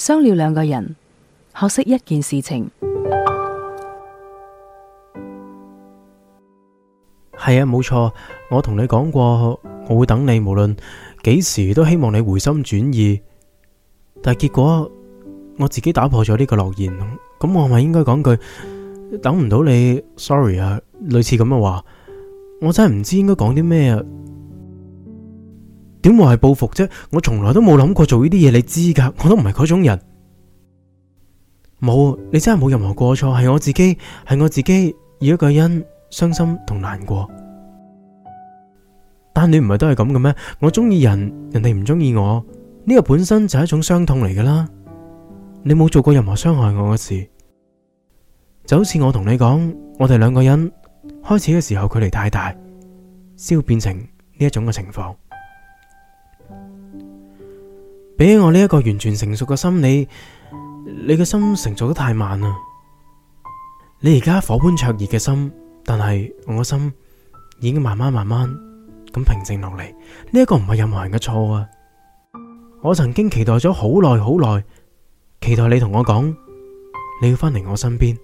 傷了兩個人，學識一件事情。係啊，冇錯，我同你講過，我會等你，無論幾時都希望你回心轉意。但係結果我自己打破咗呢個諾言，咁我係咪應該講句等唔到你，sorry 啊，類似咁嘅話，我真係唔知應該講啲咩啊。點會係報復啫？我從來都冇諗過做呢啲嘢，你知噶？我都唔係嗰種人，冇，你真係冇任何過錯，係我自己，係我自己以一個人傷心同難過。但你唔係都係咁嘅咩？我中意人，人哋唔中意我，呢個本身就係一種傷痛嚟噶啦。你冇做過任何傷害我嘅事，就好似我同你講，我哋兩個人開始嘅時候距離太大，先會變成呢一種嘅情況。比起我呢一個完全成熟嘅心理，你嘅心成熟得太慢啦。你而家火般灼熱嘅心，但係我嘅心已經慢慢慢慢咁平靜落嚟。呢、這、一個唔係任何人嘅錯啊！我曾經期待咗好耐好耐，期待你同我講你要翻嚟我身邊。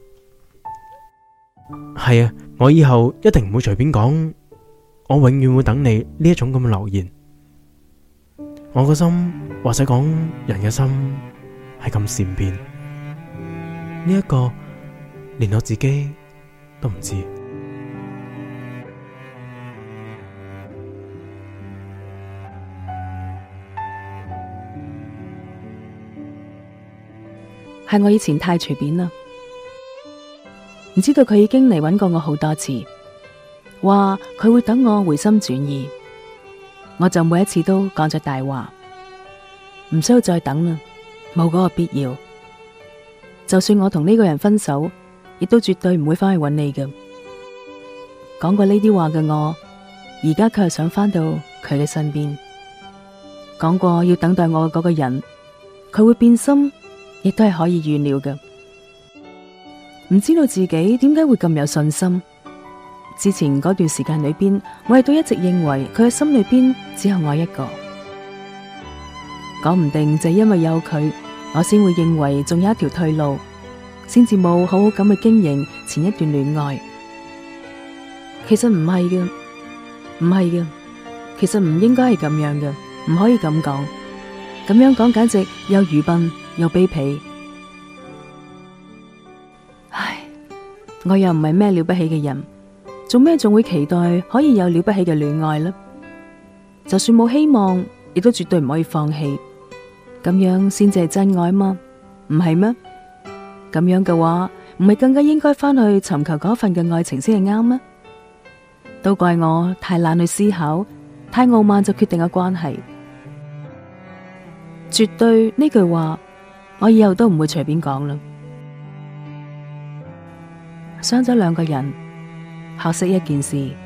係啊，我以後一定唔會隨便講，我永遠會等你呢一種咁嘅留言。我個心，或者講人嘅心係咁善變，呢、這、一個連我自己都唔知道，係我以前太隨便啦，唔知道佢已經嚟揾過我好多次，話佢會等我回心轉意。我就每一次都講咗大話，唔需要再等啦，冇嗰個必要。就算我同呢個人分手，亦都絕對唔會翻去搵你嘅。講過呢啲話嘅我，而家佢係想翻到佢嘅身邊。講過要等待我嘅嗰個人，佢會變心，亦都係可以預料嘅。唔知道自己點解會咁有信心。之前嗰段時間裏邊，我亦都一直認為佢嘅心裏邊只有我一個，講唔定就係因為有佢，我先會認為仲有一條退路，先至冇好好咁去經營前一段戀愛。其實唔係嘅，唔係嘅，其實唔應該係咁樣嘅，唔可以咁講，咁樣講簡直又愚笨又卑鄙。唉，我又唔係咩了不起嘅人。做咩仲會期待可以有了不起嘅戀愛呢？就算冇希望，亦都絕對唔可以放棄。咁樣先至係真愛嘛？唔係咩？咁樣嘅話，唔係更加應該翻去尋求嗰份嘅愛情先係啱咩？都怪我太懶去思考，太傲慢就決定嘅關係。絕對呢句話，我以後都唔會隨便講啦。傷咗兩個人。學識一件事。